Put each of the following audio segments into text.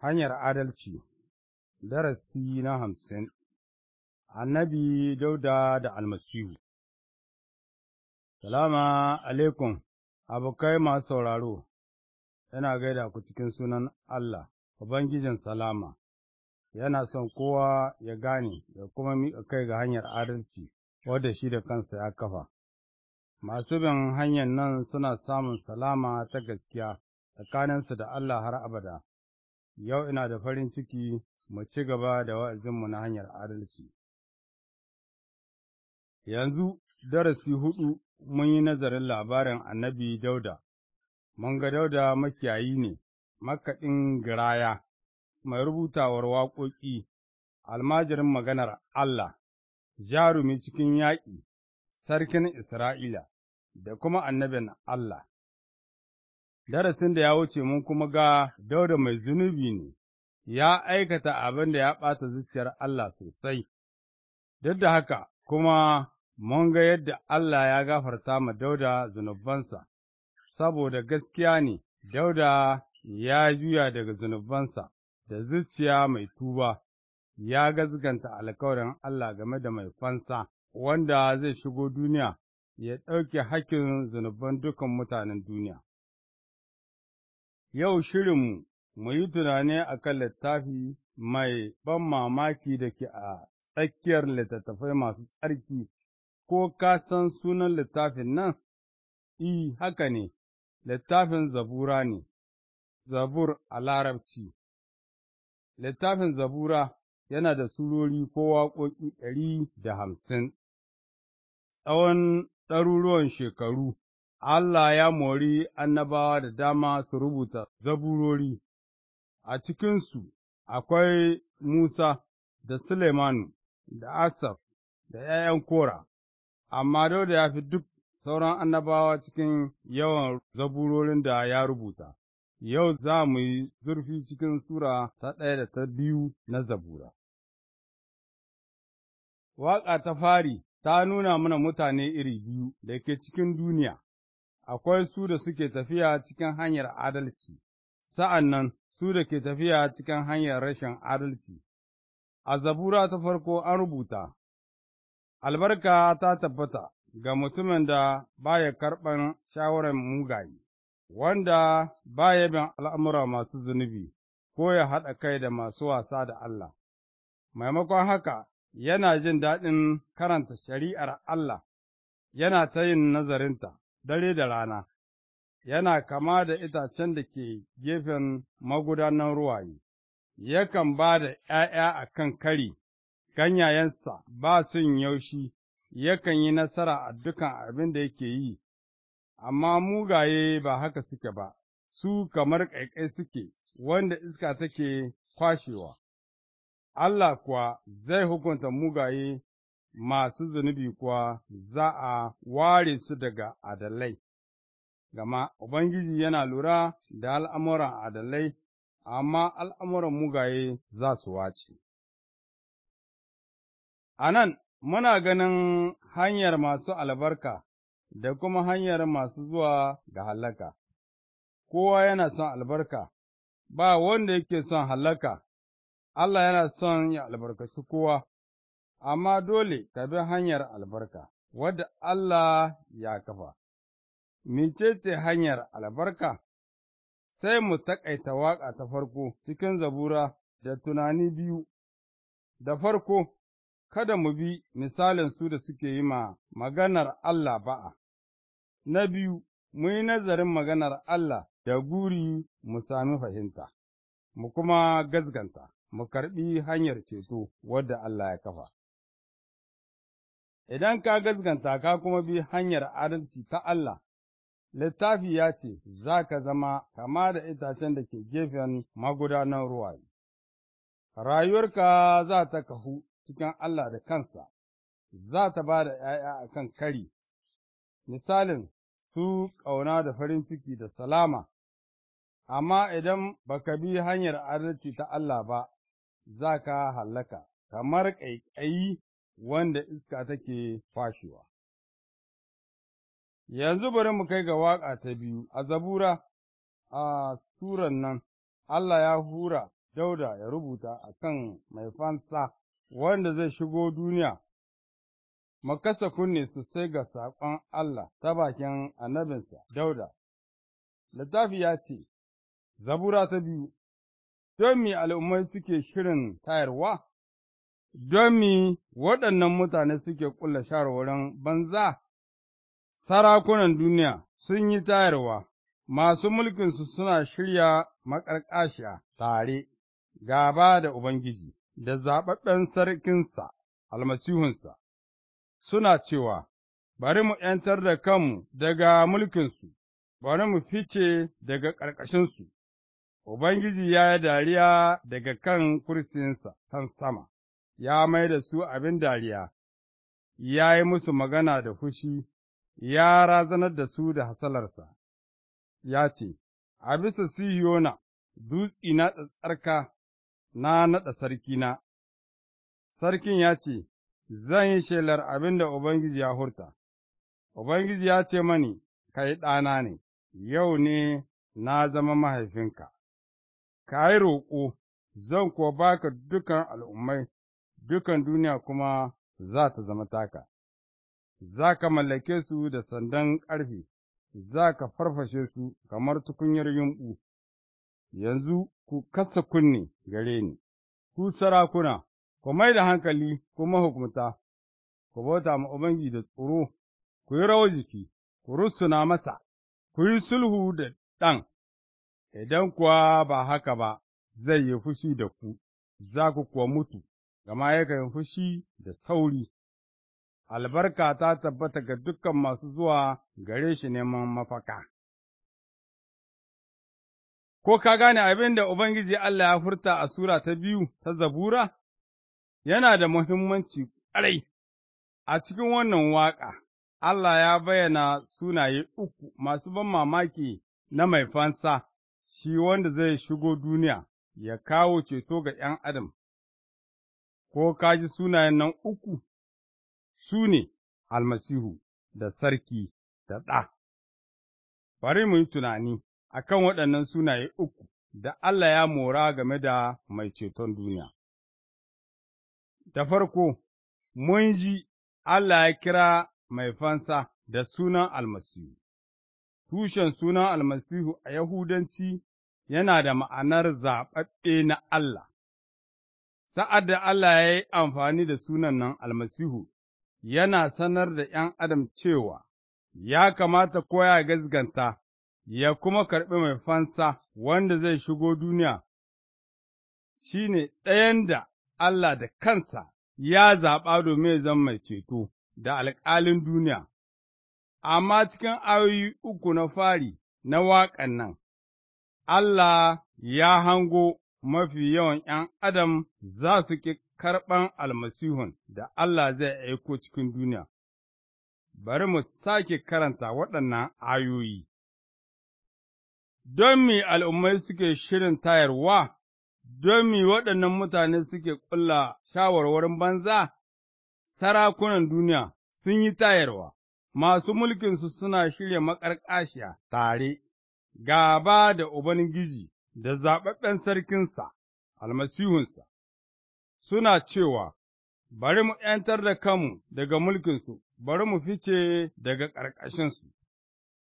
Hanyar Adalci Darasi na hamsin Annabi Dauda da Almasihu Salama alaikum, abokai masu sauraro, yana gaida ku cikin sunan Allah, Ubangijin Salama, yana son kowa ya gane ya kuma miƙa kai ga hanyar adalci wadda shi da kansa ya kafa. Masu bin hanyar nan suna samun salama ta gaskiya tsakaninsu da Allah har abada. Yau ina da farin ciki mu ci gaba da wa'azinmu na hanyar adalci. Yanzu darasi huɗu mun yi nazarin labarin annabi Dauda, mun ga Dauda makiyayi ne, makaɗin giraya, mai rubutawar waƙoƙi, almajirin maganar Allah, jarumi cikin yaƙi, sarkin Isra'ila, da kuma annabin Allah. darasin da ya wuce mun kuma ga dauda mai zunubi ne, ya aikata abin da ya ɓata zuciyar Allah sosai, duk da haka kuma mun ga yadda Allah ya gafarta ma dauda zunubansa, saboda gaskiya ne dauda ya juya daga zunubansa da zuciya mai tuba, ya gazganta alkawarin Allah game da mai fansa, wanda zai shigo duniya ya ɗauke hakkin zunuban dukan mutanen duniya. Yau shirinmu mu yi tunani a kan littafi mai ban mamaki da ke a tsakiyar littattafai masu tsarki, ko ka san sunan littafin nan? I, e, haka ne, littafin zabura ne, zabur a larabci. Littafin zabura yana da surori ko waƙoƙi ɗari da hamsin, tsawon ɗaruruwan shekaru. Allah ya mori annabawa da dama su rubuta zaburori, a cikinsu akwai Musa da Suleimanu da Asaf da ’ya'yan Kora, amma Dauda ya fi duk sauran annabawa cikin yawan zaburorin da ya rubuta. Yau za mu yi zurfi cikin Sura ta ɗaya da ta biyu na zabura. Waƙa ta fari ta nuna mana mutane iri biyu da ke cikin duniya, akwai su da suke tafiya cikin hanyar adalci, sa'an nan su da ke tafiya cikin hanyar rashin adalci. A zabura ta farko an rubuta, Albarka ta tabbata ga mutumin da baya karɓar shawarar mugaye, wanda baya bin al'amura masu zunubi, ko ya haɗa kai da masu wasa da Allah. Maimakon haka, yana jin daɗin karanta shari'ar Allah, yana ta yin nazarinta, dare da rana, yana kama da itacen da ke gefen magudanan ruwaye, yakan ba da ’ya'ya a kan kari, ganyayensa ba sun yaushi, yakan yi nasara a dukan abin da yake yi, amma mugaye ba haka suke ba, su kamar ƙaiƙai suke, wanda iska take kwashewa. Allah kuwa zai hukunta mugaye masu zunubi kuwa za a ware su daga adalai, gama Ubangiji yana lura da al'amuran adalai, amma al'amuran mugaye za su wace. A nan muna ganin hanyar masu albarka da kuma hanyar masu zuwa ga halaka kowa yana son albarka, ba wanda yake son halaka Allah yana son ya albarkaci kowa. amma dole ka bi hanyar albarka, wadda Allah ya kafa. Micece hanyar albarka? Sai mu taƙaita waƙa ta farko cikin zabura da tunani biyu, da farko, kada mu bi misalin su da suke yi ma maganar Allah ba'a, na biyu, mu yi nazarin maganar Allah da guri mu sami fahimta, mu kuma gazganta, mu karɓi hanyar ceto wadda Allah ya kafa. idan ka gaskanta ka kuma bi hanyar adalci ta Allah, littafi ya ce, Za ka zama kama da itacen da ke gefen magudanan ruwa, rayuwarka za ta kahu cikin Allah da kansa, za ta ba da ’ya'ya a kan kari, misalin su ƙauna da farin ciki da salama, amma idan ba ka bi hanyar adalci ta Allah ba, za ka hallaka, kamar ƙaiƙayi wanda iska take fashewa. Yanzu bari mu kai ga waƙa ta biyu, a zabura a suran nan, Allah ya hura dauda ya rubuta a kan mai fansa wanda zai shigo duniya, Makasa kasa kunne sosai ga saƙon Allah ta bakin annabinsa dauda. Littafi ya ce, Zabura ta biyu, don me al'ummai suke shirin tayarwa? don mi waɗannan mutane suke ƙulla shawarwarin banza, sarakunan duniya sun yi tayarwa, masu mulkinsu suna shirya maƙarƙashiya tare, gaba da Ubangiji, da zaɓaɓɓen sarkinsa, almasihunsa, suna cewa, Bari mu ’yantar da kanmu daga mulkinsu, bari mu fice daga ƙarƙashinsu, Ubangiji ya yi dariya daga kan kursinsa can sama. ya mai da su abin dariya, ya yi musu magana da fushi, ya razanar da su da hasalarsa, ya ce, A bisa Sihiyona, dutsina tsarka na naɗa sarkina, sarkin ya ce, Zan yi shelar abin da Ubangiji ya hurta, Ubangiji ya ce mani, Kai ɗana ne, yau ne na zama mahaifinka, ka yi roƙo, zan kuwa baka dukan al'ummai dukan duniya kuma za ta zama taka, za ka mallake su da sandan ƙarfe, za ka farfashe su kamar tukunyar yumɓu, yanzu ku kasa kunne gare ni, ku sarakuna, ku mai da hankali ku mahukumta, ku bauta ma Ubangiji da tsoro, ku yi rawar jiki, ku rusuna masa, ku yi sulhu da ɗan, idan kuwa ba haka ba, zai yi fushi da ku, za ku kuwa mutu. gama yakan fushi da sauri. Albarka ta tabbata ga dukkan masu zuwa gare shi neman mafaka. Ko ka gane abin da Ubangiji Allah ya furta a Sura ta biyu ta Zabura? Yana da muhimmanci ƙarai. a cikin wannan waƙa, Allah ya bayyana sunaye uku masu ban mamaki na mai fansa, shi wanda zai shigo duniya ya kawo ceto ga ’yan adam. ko ka ji sunayen nan uku, su ne almasihu da sarki da ɗa. Bari mu yi tunani a kan waɗannan sunaye uku da Allah ya mora game da mai ceton duniya. Da farko, mun ji Allah ya kira mai fansa da sunan almasihu. Tushen sunan almasihu a Yahudanci yana da ma'anar zaɓaɓɓe na Allah. Sa'ad da Allah ya yi amfani da sunan nan almasihu, yana sanar da ’yan adam cewa ya kamata koya gazganta, ya kuma karɓi mai fansa wanda zai shigo duniya, shi ne ɗayan da Allah da kansa ya zaɓa domin ya zama mai ceto da alƙalin duniya. Amma cikin ayoyi uku na fari na waƙan nan, Allah ya hango mafi yawan ’yan adam za su ƙi karɓan almasihun da Allah zai aiko cikin duniya. Bari mu sake karanta waɗannan ayoyi. Don mi al'ummai suke shirin tayarwa, don mi waɗannan mutane suke ƙulla shawarwarin banza, sarakunan duniya sun yi tayarwa, masu mulkinsu suna shirya maƙarƙashiya tare, gaba da Ubangiji da zaɓaɓɓen sarkinsa, almasihunsa, suna cewa, Bari mu ’yantar da kanmu daga mulkinsu, bari mu fice daga ƙarƙashinsu,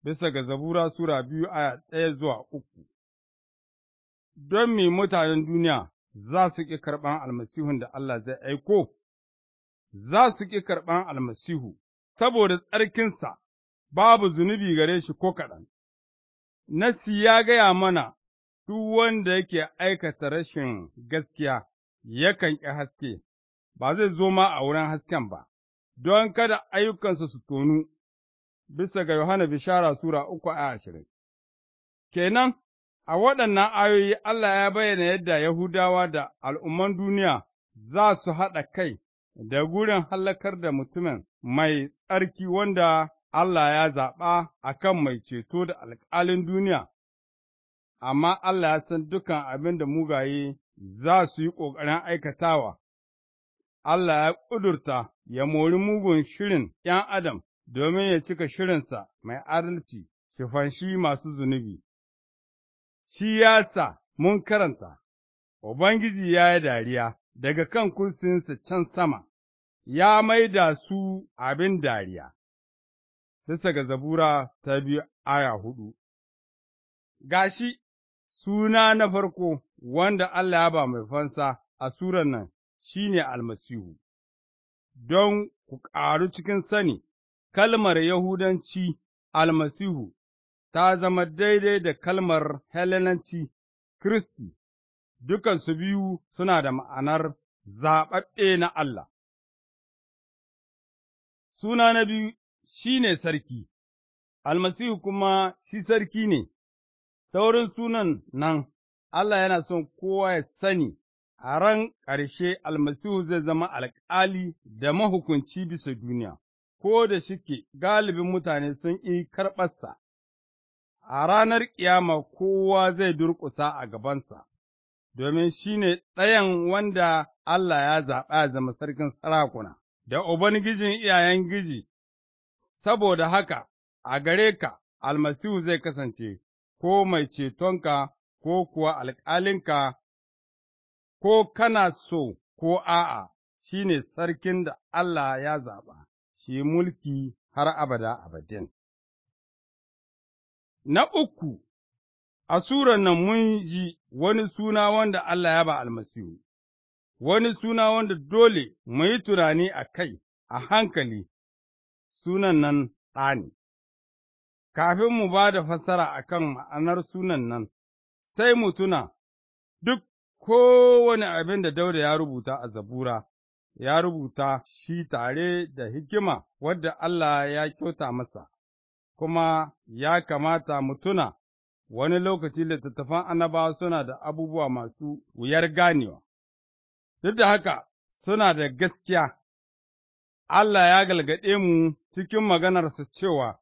bisa ga zabura Sura biyu aya ɗaya zuwa uku. Don me mutanen duniya za su ƙi karɓan almasihun da Allah zai aiko, za su ƙi karɓan almasihu, saboda tsarkinsa babu zunubi gare shi ko kaɗan. Nasi ya gaya mana duk wanda yake aikata rashin gaskiya yakan ƙi haske, ba zai zo ma a wurin hasken ba, don kada ayyukansa su tonu, bisa ga Yohana Bishara Sura uku a ashirin. Kenan, a waɗannan ayoyi Allah ya bayyana yadda Yahudawa da al'umman duniya za su haɗa kai da gurin hallakar da mutumin mai tsarki wanda Allah ya zaɓa a kan mai ceto da alƙalin duniya. amma Allah ya san dukan abin da mugaye za su yi ƙoƙarin aikatawa. Allah ya ƙudurta ya mori mugun shirin ’yan Adam domin ya cika shirinsa mai adalci, shi fanshi masu zunubi. Shi ya sa mun karanta, Ubangiji ya yi dariya daga kan kursinsa can sama, ya maida su abin dariya. Bisa ga zabura ta biyu aya hudu. Gashi Suna na farko wanda Allah ya ba mai fansa a suran nan shi ne Almasihu, don ku ƙaru cikin sani, kalmar Yahudanci Almasihu ta zama daidai da kalmar Hellenanci Kiristi, dukansu biyu suna da ma'anar zaɓaɓɓe na Allah. Suna na biyu shi ne Sarki, Almasihu kuma shi Sarki ne. ta wurin sunan nan, Allah yana son kowa ya sani, a ran ƙarshe almasihu zai zama alƙali da mahukunci bisa duniya, ko da shike galibin mutane sun yi karɓarsa. A ranar ƙiyama kowa zai durƙusa a gabansa, domin shi ne ɗayan wanda Allah ya zaɓa ya zama sarkin sarakuna, da Ubangijin iyayen giji, saboda haka a gare ka almasihu zai kasance ko mai cetonka, ko kuwa alƙalinka, ko kana so ko a'a, shi ne sarkin da Allah ya zaɓa, shi mulki har abada abadin. Na uku, a Surar nan mun ji wani suna wanda Allah ya ba almasihu, wani suna wanda dole mu yi tunani a kai a hankali, sunan nan ɗa Kafin mu ba da fassara a kan ma'anar sunan nan, sai mu tuna duk kowane abin da Dauda ya rubuta a zabura, ya rubuta shi tare da hikima wadda Allah ya kyauta masa, kuma ya kamata mu tuna wani lokaci littattafan annabawa suna da abubuwa masu wuyar ganewa, duk da haka suna da gaskiya, Allah ya galgade mu cikin maganarsa cewa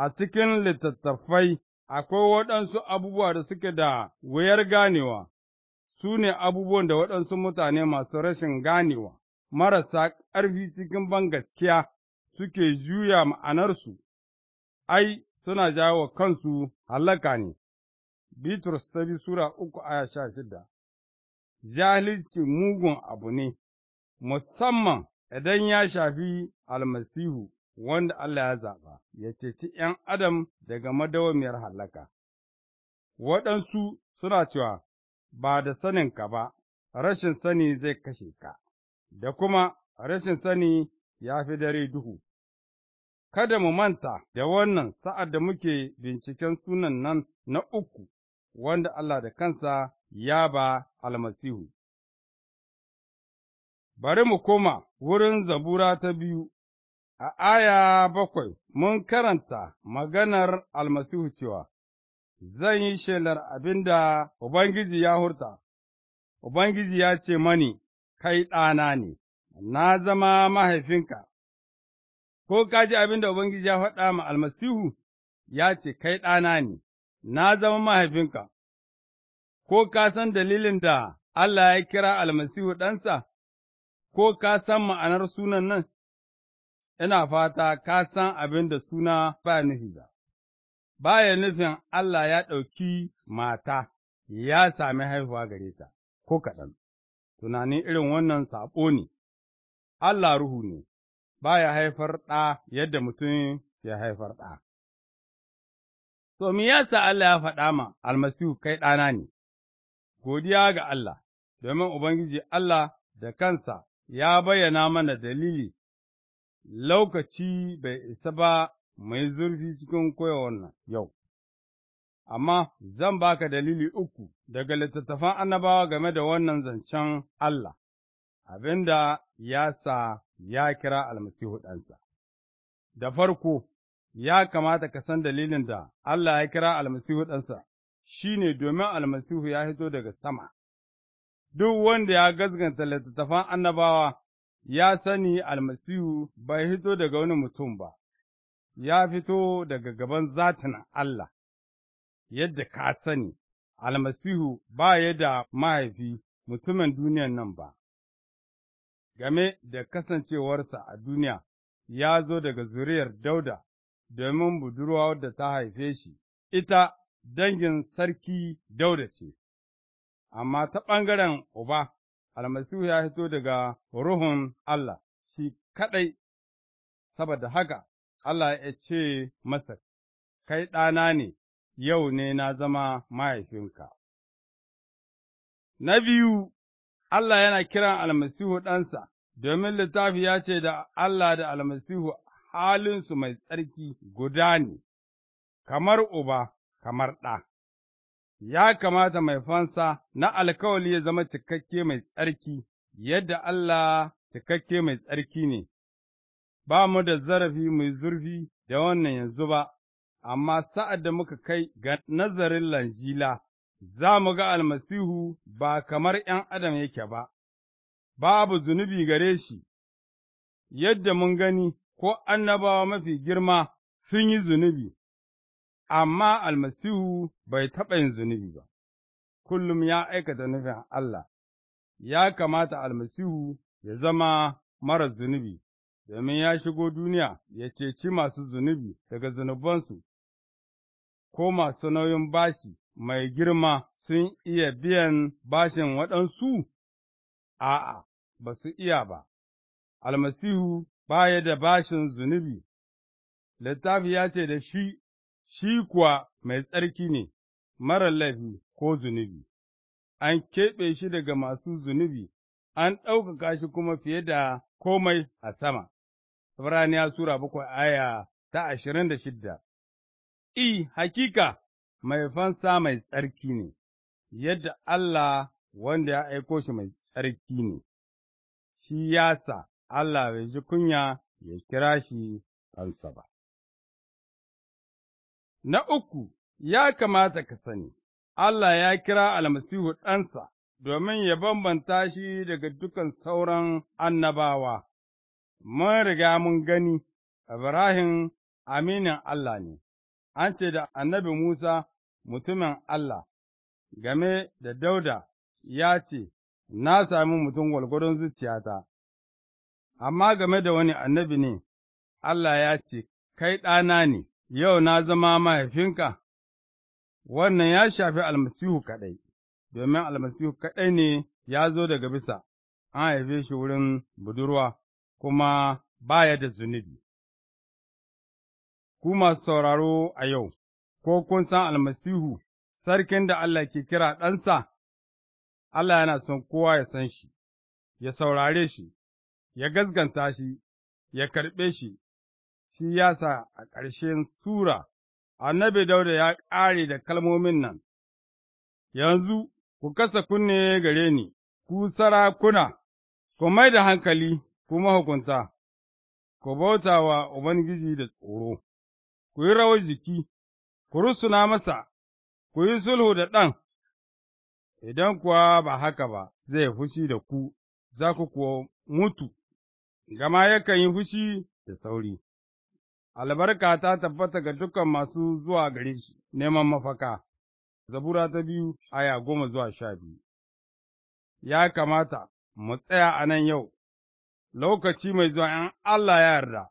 a cikin littattafai akwai waɗansu abubuwa da suke da wuyar ganewa, su ne abubuwan da waɗansu mutane masu rashin ganewa, marasa ƙarfi cikin ban gaskiya suke juya ma'anarsu, ai, suna jawo kansu hallaka ne. Bitrus ta bi Sura uku aya sha shida Jahilci mugun abu ne, musamman idan ya shafi almasihu, wanda Allah ya zaɓa, ya ceci ’yan adam daga madawamiyar hallaka. Waɗansu suna cewa, Ba da saninka ba, rashin sani zai kashe ka, da kuma rashin sani ya fi dare duhu. Kada mu manta da wannan sa'ad da muke binciken sunan nan na uku, wanda Allah da kansa ya ba almasihu. Bari mu koma wurin zabura ta biyu A aya bakwai mun karanta maganar almasihu cewa, Zan yi shelar abin da Ubangiji ya hurta, Ubangiji ya ce mani, Kai ɗana ne, na zama mahaifinka, ko ka ji abin da Ubangiji ya faɗa ma almasihu, ya ce, Kai ɗana ne, na zama mahaifinka, ko ka san dalilin da Allah ya kira almasihu ɗansa, ko ka san ma'anar sunan nan? ina fata ka san abin da suna ba nufi ba, ba ya nufin Allah ya ɗauki mata ya sami haihuwa gare ta, ko kaɗan, tunanin irin wannan saɓo ne, Allah ruhu ne, ba ya haifar ɗa yadda mutum ya haifar ɗa. To, me yasa Allah ya faɗa ma almasihu kai ɗana ne, godiya ga Allah, domin Ubangiji Allah da kansa ya bayyana mana dalili lokaci bai isa ba mai zurfi cikin koyawar nan yau, amma zan baka dalili uku daga littattafan annabawa game da wannan zancen Allah, abinda ya sa ya kira almasihu ɗansa. Da farko, ya kamata ka san dalilin da Allah ya kira almasihu ɗansa, shi ne domin almasihu ya hito daga sama. Duk wanda ya gazganta littattafan annabawa ya sani almasihu bai fito daga wani mutum ba, ya fito daga gaban zatin Allah, yadda ka sani, almasihu ba ya da mahaifi mutumin duniyan nan ba, game da kasancewarsa a duniya ya zo daga zuriyar Dauda domin budurwa wadda ta haife shi, ita dangin sarki Dauda ce, amma ta ɓangaren uba almasihu ya fito daga ruhun Allah, shi kaɗai, saboda haka Allah ya ce masa, Kai ɗana ne, yau ne na zama mahaifinka. Na biyu, Allah yana kiran almasihu ɗansa, domin littafi ya ce da Allah da almasihu halinsu mai tsarki guda ne, kamar uba, kamar ɗa. ya kamata mai fansa na alkawali ya zama cikakke mai tsarki, yadda Allah cikakke mai tsarki ne, ba mu da zarafi mai zurfi da wannan yanzu ba, amma sa'ad da muka kai ga nazarin lanjila, za mu ga almasihu ba kamar ’yan adam yake ba, babu zunubi gare shi, yadda mun gani ko annabawa mafi girma sun yi zunubi, amma almasihu bai taɓa yin zunubi ba, kullum ya aikata nufin Allah, ya kamata almasihu ya zama mara zunubi, domin ya shigo duniya ya ceci masu zunubi daga zunubansu, ko masu nauyin bashi mai girma sun iya biyan bashin waɗansu? A'a, ba su iya ba, almasihu baya da bashin zunubi, littafi ya ce da shi shi kuwa mai tsarki ne, mara laifi ko zunubi, an keɓe shi daga masu zunubi, an ɗaukaka shi kuma fiye da komai a sama. Ibraniya Sura bakwai aya ta ashirin da shidda I, hakika, mai fansa mai tsarki ne, yadda Allah wanda ya aiko shi mai tsarki ne, shi yasa Allah bai ji kunya ya kira shi kansa ba. Na uku, ya kamata ka sani, Allah ya kira almasihu ɗansa domin ya bambanta shi daga dukan sauran annabawa, mun riga mun gani, Ibrahim aminin Allah ne, an ce da annabi Musa mutumin Allah, game da Dauda ya ce, Na sami mutum gwalgwadon zuciyata, amma game da wani annabi ne, Allah ya ce, Kai ɗana ne. Yau na zama mahaifinka, wannan ya shafi almasihu kaɗai, domin almasihu kaɗai ne ya zo daga bisa, an haife shi wurin budurwa, kuma baya da zunubi. Ku masu sauraro a yau, ko kun san almasihu, sarkin da Allah ke kira ɗansa, Allah yana son kowa ya san shi, ya saurare shi, ya gaskanta shi, ya karɓe shi, shi ya sa a ƙarshen Sura, annabi Dauda ya ƙare da kalmomin nan, yanzu ku kasa kunne gare ni, ku sarakuna, ku mai da hankali, ku mahukunta, ku bauta wa Ubangiji da tsoro, ku yi rawar jiki, ku rusuna masa, ku yi sulhu da ɗan, idan kuwa ba haka ba zai fushi da ku, za ku kuwa mutu, gama yakan yi fushi da sauri. albarka ta tabbata ga dukkan masu zuwa gare shi neman mafaka, zabura ta biyu aya goma zuwa sha biyu. Ya kamata mu tsaya a nan yau, lokaci mai zuwa ‘yan Allah ya yarda,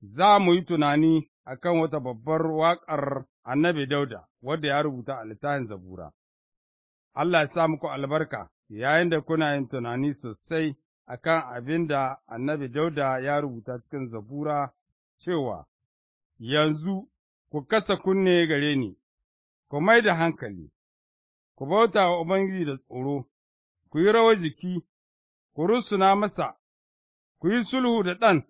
za mu yi tunani a kan wata babbar waƙar annabi Dauda, wadda ya rubuta a littafin zabura. Allah ya sa muku albarka yayin da kuna yin tunani sosai akan kan abin da annabi Dauda ya rubuta cikin zabura cewa. yanzu ku kasa kunne gare ni, ku mai da hankali, ku bauta wa Ubangiji da tsoro, ku yi rawar jiki, ku rusuna masa, ku yi sulhu da ɗan,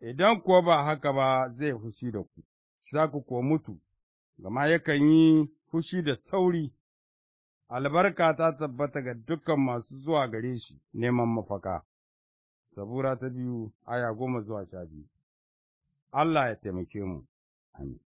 idan kuwa ba haka ba zai fushi da ku, za ku kuwa mutu, gama yakan yi fushi da sauri. albarka ta tabbata ga dukan masu zuwa gare shi neman mafaka. Sabura ta biyu, aya goma zuwa sha biyu. Allah ya taimake mu. Amin.